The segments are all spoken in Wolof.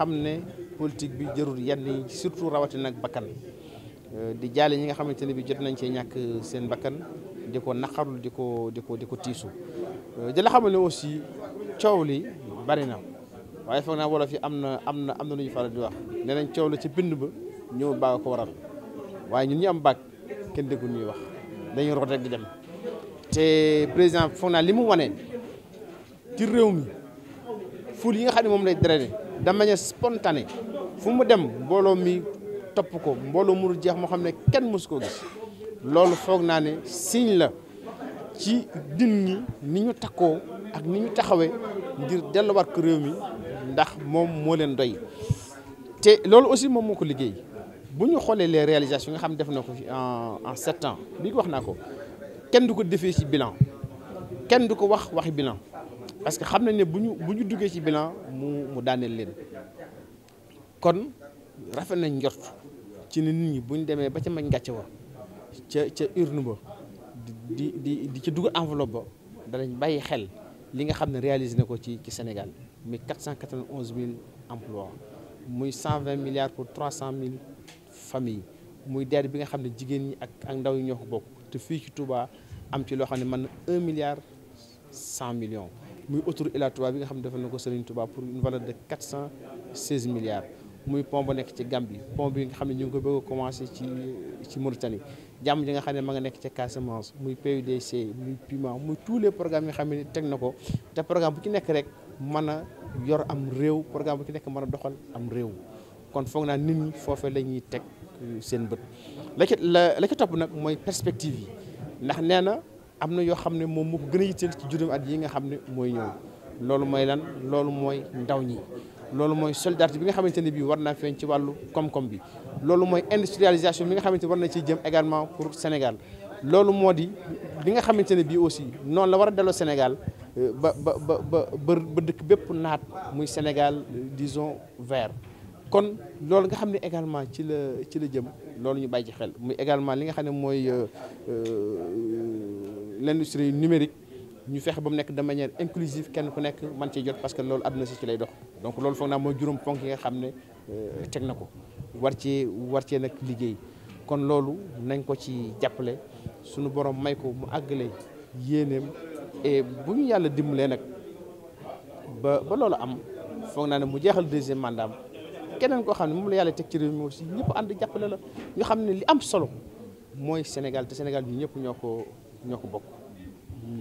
xam ne politique bi jërul yenn yi surtout rawatina ak bakkan euh, di jaale ñi nga xamante ne bi jot nañ cee ñàkk seen bakkan di ko naqarlu di ko di ko di ko tiisu euh, di la xamal ne aussi coow li bari na waaye foog naa wolof yi am na am na am na lu ñu di wax nee nañ coow la ci bind ba ñëw baa ko waral waaye ñun ñu am baag kenn déggul ñuy wax dañuy root rek dem te président foog naa li mu wane ci réew mi ful yi nga xam ne moom lay drainer de manière spontanée fu mu dem mbooloo mi topp ko mbooloo mu jeex moo xam ne kenn mësu koo gis loolu foog naa ne sign la ci nit ñi ni ñu takkoo ak ni ñu taxawee ngir delluwaat ko réew mi ndax moom moo leen doy te loolu aussi moom moo ko liggéey bu ñu xoolee les réalisations yi nga xam ne def na ko fi en en sept ans bii wax naa ko kenn du ko defee ci bilan kenn du ko wax waxi bilan parce que xam nañ ne bu ñu bu ñu duggee ci bilan mu mu daaneel leen kon rafet nañ njort ci ne nit ñi bu ñu demee ba ca mañ ngàcce wa ca ca urne ba di di di ca dugal enveloppe ba danañ bàyyi xel li nga xam ne réalisé na ko ci ci Sénégal muy 491 mille emplois muy 120 milliards pour trois cent mille familles muy der bi nga xam ne jigéen ñi ak ak ndaw yi ñoo ko bokk te fii ci Touba am ci loo xam ne mën na 1 milliard cent millions. muy autoroute Ila Touba bi nga xam ne defal na ko Serigne Touba pour une valeur de quatre cent seize milliards muy pont ba nekk ci Gambie pont bi nga xam ne ñu ngi ko bëgg a commencé ci ci ji nga xam ne ma nga nekk ci Casamance muy PUDC muy PUMA muy tous les programmes yi xam ne teg na ko te programme bu ci nekk rek mën a yor am réew programme bu ci nekk mën a doxal am réew kon foog naa nit ñi foofee la ñuy teg euh, seen bët la la la ca topp nag mooy perspective yi ndax nee na am na yoo xam ne moom moo ko gën a yitteel ci juróomi at yi nga xam ne mooy ñëw loolu mooy lan loolu mooy ndaw ñi loolu mooy solidarité bi nga xamante ne bii war naa feeñ ci wàllu koom-koom bi loolu mooy industrialisation bi nga xamante ne war na ciy jëm également pour Sénégal loolu moo di li nga xamante ne bii aussi noonu la war a delloo Sénégal euh, ba ba ba ba dëkk bépp naat muy Sénégal dison vert kon loolu nga xam ne également ci la ci la jëm loolu ñu bàjj xel muy également li nga xam ne mooy euh, euh, l'industrie numérique ñu fexe ba mu nekk de manière inclusive kenn ku nekk man ciy jot parce que loolu àdduna si ci lay dox donc loolu foog naa mooy juróom ponk yi nga xam ne euh, teg na ko war cee war cee nag liggéey kon loolu nañ ko ci jàppale suñu boroom may ko mu àggale yéeneem et bu ñu yàlla dimbalee nag ba ba loolu am foog naa ne mu jeexal deuxième mandat keneen koo xam ne moom la yàlla teg ci réew mi aussi ñëpp ànd jàppale la ñu xam ne li am solo mooy Sénégal te Sénégal ñu ñëpp ñoo ko ñoo ko bokk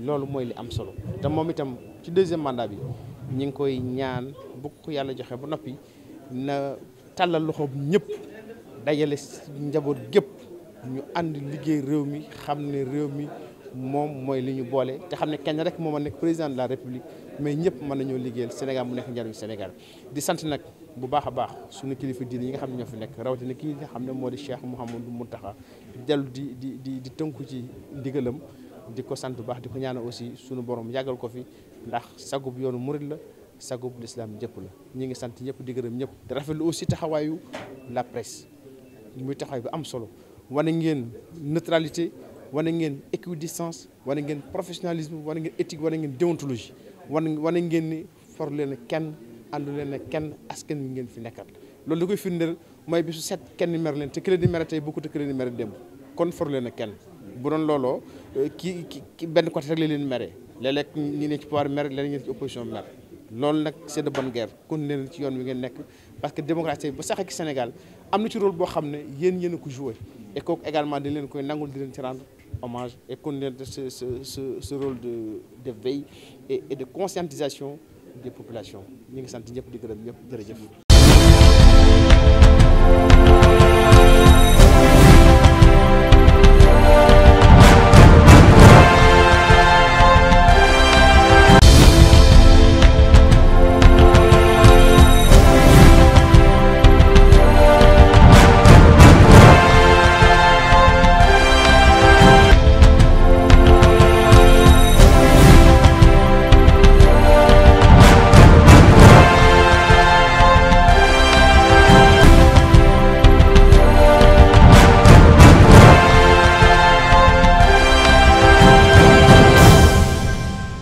loolu mooy li am solo te moom itam ci deuxième mandat bi ñi ngi koy ñaan bu yàlla joxe ba noppi na tàllal loxoom ñëpp dajale njaboot gépp ñu ànd liggéey réew mi xam ne réew mi moom mooy li ñu boole te xam ne kenn rek moo mën nekk président de la république mais ñëpp mën nañoo liggéeyal Sénégal mu nekk njariñu Sénégal di sant nag bu baax a baax suñu kilifa diine yi nga xam ne ñoo fi nekk rawatina kii nga xam ne moo di Cheikh Mouhamadou Mountakha dellu di di di di tënku ci ndigalam di ko sant bu baax di ko ñaanal aussi suñu borom yàggal ko fi ndax sagub yoonu murit la sagub lislaam jëpp la ñu ngi sant ñëpp di gërëm ñëpp di rafetlu aussi taxawaayu la presse muy taxawaay bu am solo wane ngeen neutralité wane ngeen équidistance wane ngeen professionnalisme wane ngeen éthique wane ngeen déontologie wane wane ngeen ni for leen kenn àndu leen ne kenn asken wi ngeen fi nekkal loolu li koy firndeel mooy bi su set kenn mer leen te crédit mere tey ko a crédit mere kon for leen kenn bu doon looloo eh, ki ki benn côté rek leen mere léeg ne ci pouvoir mer léeg-léeg ñi ne ci opposition mer loolu nag c'est ngeen nekk parce que démocratie ba sax ak Sénégal am na ci rôle boo xam ne yéen yéen a ko joué et kooku également di leen koy nangul di leen ci rendre hommage et continuer ce, ce, ce, ce, rôle de, de veille et, et de conscientisation des population ñu ngi sant ñëpp di gërëm ñëpp jërëjëf